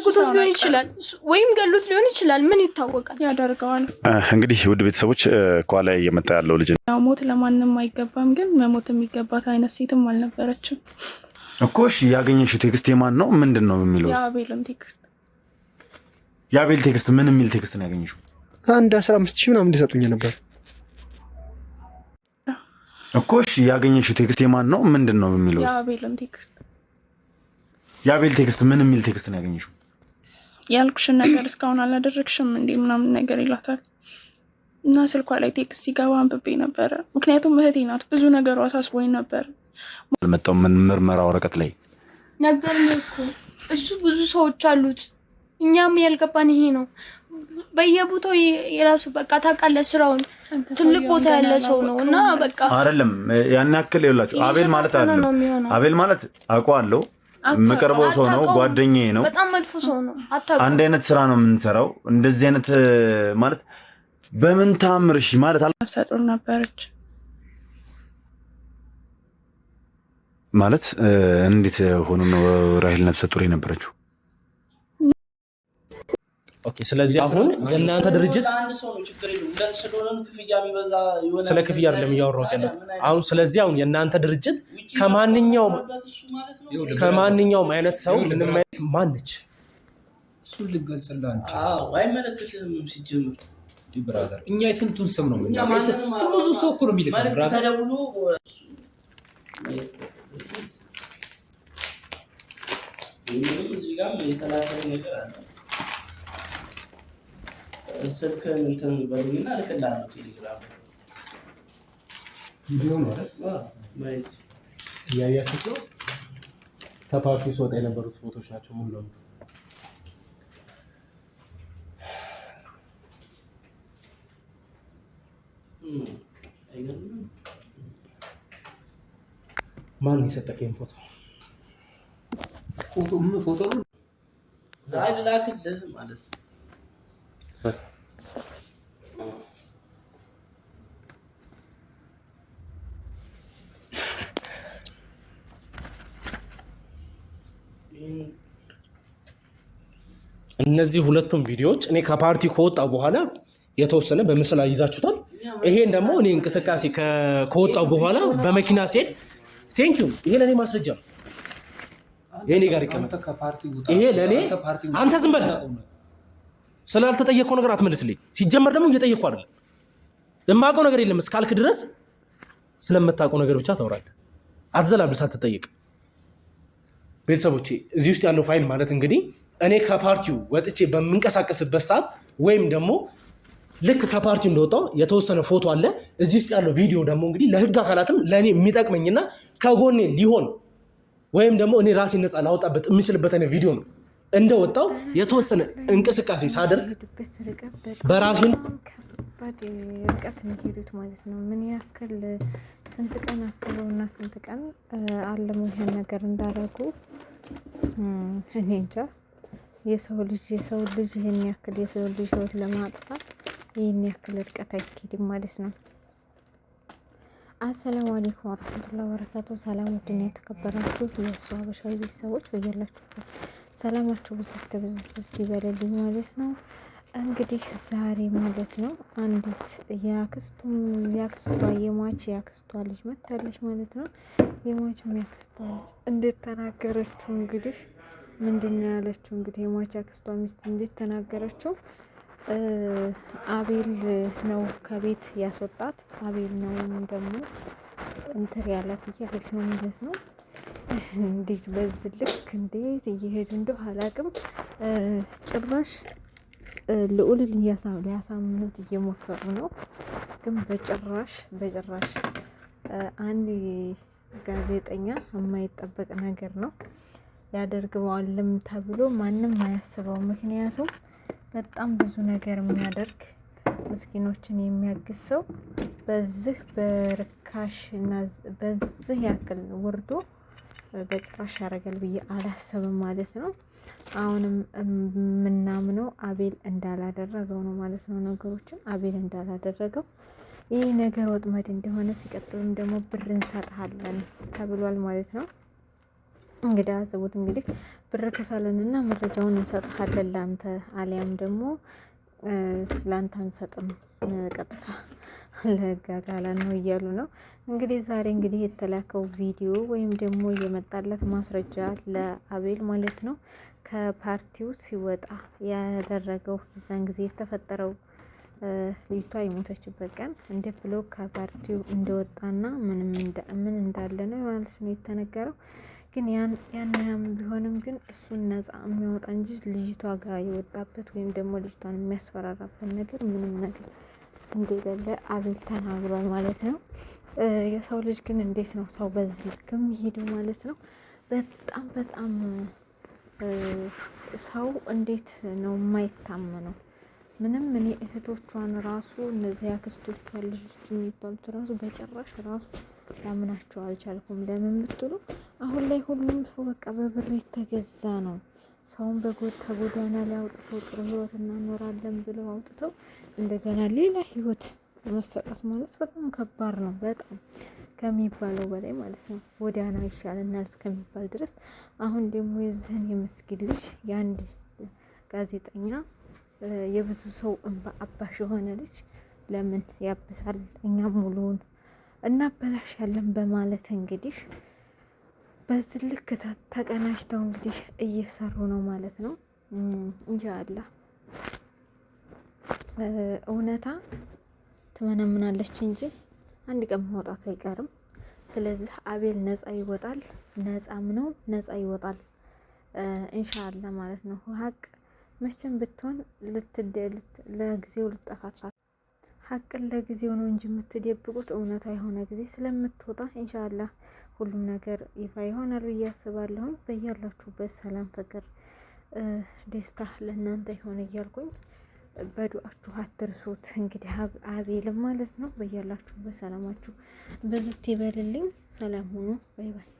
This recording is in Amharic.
አግቶት ሊሆን ይችላል፣ ወይም ገሉት ሊሆን ይችላል። ምን ይታወቃል? ያደርገዋል። እንግዲህ ውድ ቤተሰቦች ከኋላ እየመጣ ያለው ልጅ ሞት ለማንም አይገባም፣ ግን መሞት የሚገባት አይነት ሴትም አልነበረችም እኮ። እሺ ያገኘሽው ቴክስት የማን ነው? ምንድን ነው የሚለው? የአቤልን ቴክስት። የአቤል ቴክስት ምን የሚል ቴክስት ነው ያገኘሽው? አንድ አስራ አምስት ሺህ ምናምን ሊሰጡኝ ነበር እኮ። እሺ ያገኘሽው ቴክስት የማን ነው? ምንድን ነው የሚለው? የአቤልን ቴክስት የአቤል ቴክስት ምን የሚል ቴክስት ነው ያገኘሽው? ያልኩሽን ነገር እስካሁን አላደረግሽም እንዴ ምናምን ነገር ይላታል። እና ስልኳ ላይ ቴክስት ሲገባ አንብቤ ነበረ፣ ምክንያቱም እህቴ ናት፣ ብዙ ነገሩ አሳስቦኝ ነበር። አልመጣሁም ምን ምርመራ ወረቀት ላይ ነገር እኮ እሱ ብዙ ሰዎች አሉት። እኛም ያልገባን ይሄ ነው። በየቦታው የራሱ በቃ ታውቃለህ፣ ስራውን ትልቅ ቦታ ያለ ሰው ነው እና በቃ አይደለም ያን ያክል ይላችሁ አቤል ማለት አለ አቤል ማለት አውቀዋለሁ የምቀርበው ሰው ነው፣ ጓደኛዬ ነው። በጣም መጥፎ ሰው ነው። አንድ አይነት ስራ ነው የምንሰራው። እንደዚህ አይነት ማለት በምን ታምር እሺ ማለት ነፍሰ ጡር ነበረች ማለት እንዴት ሆኖ ነው ራሂል ነፍሰ ጡር የነበረችው? ኦኬ ስለዚህ አሁን የእናንተ ድርጅት ስለ ክፍያ አይደለም እያወራሁት ያለው አሁን ስለዚህ አሁን የእናንተ ድርጅት ከማንኛውም ከማንኛውም አይነት ሰው ልንማየት ነች እሱን ልገልጽልህ አይመለከትህም ሲጀምር እኛ የስንቱን ስም ነው ብዙ ሰው እኮ ነው የሚልክ ተደውሎ እዚህ ጋርም የተላከ ነገር አለ ስልክህን እንትን በሉኝና እልክልሃለሁ። ቴሌግራም ቪዲዮ ነው አይደል? ከፓርቲ ስወጣ የነበሩት ፎቶች ናቸው ሙሉ ለሙሉ። ማን የሰጠከኝ ፎቶ? ፎቶ ፎቶ ላክልህ ማለት ነው እነዚህ ሁለቱም ቪዲዮዎች እኔ ከፓርቲ ከወጣ በኋላ የተወሰነ በምስል ይዛችሁታል። ይሄን ደግሞ እኔ እንቅስቃሴ ከወጣው በኋላ በመኪና ሲሄድ ቴንክ ዩ ይሄ ለእኔ ማስረጃ ነው። ይሄ እኔ ጋር ይቀመጥ። ይሄ ለእኔ አንተ ዝም በል ስላልተጠየቀው ነገር አትመልስልኝ። ሲጀመር ደግሞ እየጠየቅኩ አይደለም። የማውቀው ነገር የለም እስካልክ ድረስ ስለምታውቀው ነገር ብቻ ታወራለህ። አትዘላብል ሳትጠየቅ። ቤተሰቦቼ እዚህ ውስጥ ያለው ፋይል ማለት እንግዲህ እኔ ከፓርቲው ወጥቼ በምንቀሳቀስበት ሰዓት ወይም ደግሞ ልክ ከፓርቲው እንደወጣው የተወሰነ ፎቶ አለ። እዚህ ውስጥ ያለው ቪዲዮ ደግሞ እንግዲህ ለህግ አካላትም ለእኔ የሚጠቅመኝና ከጎኔ ሊሆን ወይም ደግሞ እኔ ራሴ ነፃ ላወጣበት የምችልበት አይነት ቪዲዮ ነው። እንደወጣው የተወሰነ እንቅስቃሴ ሳደርግ በራሴን ከባድ ርቀት የሚሄዱት ማለት ነው። ምን ያክል ስንት ቀን አስበው እና ስንት ቀን አለሙ ይህን ነገር እንዳረጉ እኔ እንጃ። የሰው ልጅ የሰው ልጅ ይህን ያክል የሰው ልጅ ህይወት ለማጥፋት ይህን ያክል ርቀት አይኬድም ማለት ነው። አሰላሙ አለይኩም ወረሕመቱላሂ ወበረካቱ። ሰላም ውድና የተከበራችሁ የእሱ ሀበሻዊ ቤተሰቦች በያላችሁበት ሰላማችሁ ብዙት ብዙት ይበልልኝ ማለት ነው። እንግዲህ ዛሬ ማለት ነው አንዲት የአክስቱም የአክስቷ የሟች የአክስቷ ልጅ መታለች ማለት ነው። የሟችም ያክስቷ ልጅ እንዴት ተናገረችው እንግዲህ ምንድን ነው ያለችው? እንግዲህ የሟች ያክስቷ ሚስት እንዴት ተናገረችው? አቤል ነው ከቤት ያስወጣት፣ አቤል ነው ደግሞ እንትር ያላት እያለች ነው ማለት ነው። እንዴት በዚህ ልክ እንዴት እየሄዱ እንደው አላቅም። ጭራሽ ልዑልን ሊያሳምኑት እየሞከሩ ነው፣ ግን በጭራሽ በጭራሽ። አንድ ጋዜጠኛ የማይጠበቅ ነገር ነው ያደርግበዋልም ተብሎ ማንም አያስበው። ምክንያቱም በጣም ብዙ ነገር የሚያደርግ ምስኪኖችን የሚያግዝ ሰው በዚህ በርካሽ እና በዚህ ያክል ውርዶ በጭራሽ ያደርጋል ብዬ አላሰብም ማለት ነው። አሁንም የምናምነው አቤል እንዳላደረገው ነው ማለት ነው። ነገሮችን አቤል እንዳላደረገው ይህ ነገር ወጥመድ እንደሆነ ሲቀጥሉም ደግሞ ብር እንሰጥሃለን ተብሏል ማለት ነው። እንግዲህ አስቡት እንግዲህ ብር ክፈልን መረጃውን እንሰጥሃለን ለአንተ አሊያም ደግሞ ለአንተ አንሰጥም ቀጥታ ለህግ ነው እያሉ ነው። እንግዲህ ዛሬ እንግዲህ የተላከው ቪዲዮ ወይም ደግሞ የመጣለት ማስረጃ ለአቤል ማለት ነው ከፓርቲው ሲወጣ ያደረገው የዛን ጊዜ የተፈጠረው ልጅቷ የሞተችበት ቀን እንደ ብሎ ከፓርቲው እንደወጣና ምን እንዳለ ነው ማለት ነው የተነገረው። ግን ያን ያን ቢሆንም ግን እሱን ነፃ የሚያወጣ እንጂ ልጅቷ ጋር የወጣበት ወይም ደግሞ ልጅቷን የሚያስፈራራበት ነገር ምንም ነገር እንደሌለ አቤል ተናግሯል ማለት ነው። የሰው ልጅ ግን እንዴት ነው ሰው በዚህ ልክ ይሄዱ ማለት ነው። በጣም በጣም ሰው እንዴት ነው የማይታመነው? ምንም እኔ እህቶቿን ራሱ እነዚያ ያክስቶቿን ልጆች የሚባሉት ራሱ በጭራሽ ራሱ ላምናቸው አልቻልኩም። ለምን ብትሉ አሁን ላይ ሁሉም ሰው በቃ በብር የተገዛ ነው። ሰውን በጎታ ተጎዳና ላይ አውጥቶ ጥሩ ህይወት እናኖራለን ብለው አውጥተው እንደገና ሌላ ህይወት መሰጠት ማለት በጣም ከባድ ነው። በጣም ከሚባለው በላይ ማለት ነው። ወዲያና ይሻለናል እስከሚባል ድረስ አሁን ደግሞ የዚህን የምስጊድ ልጅ የአንድ ጋዜጠኛ የብዙ ሰው እንባ አባሽ የሆነ ልጅ ለምን ያብሳል? እኛም ሙሉውን እናበላሻለን በማለት እንግዲህ በዚህ ልክ ተቀናጅተው እንግዲህ እየሰሩ ነው ማለት ነው። እንሻአላህ እውነታ ትመነምናለች እንጂ አንድ ቀን መውጣቱ አይቀርም። ስለዚህ አቤል ነጻ ይወጣል፣ ነጻም ነው ነጻ ይወጣል እንሻአላህ ማለት ነው። ሀቅ መቼም ብትሆን ለጊዜው ልጠፋት ሀቅን ለጊዜው ነው እንጂ የምትደብቁት እውነታ የሆነ ጊዜ ስለምትወጣ ኢንሻአላህ ሁሉም ነገር ይፋ ይሆናል ብዬ አስባለሁ። በያላችሁበት ሰላም፣ ፍቅር፣ ደስታ ለእናንተ ይሆን እያልኩኝ በዱአችሁ አትርሱት። እንግዲህ አቤልም ማለት ነው። በያላችሁበት ሰላማችሁ በዙት ይበልልኝ። ሰላም ሁኑ። ባይ ባይ።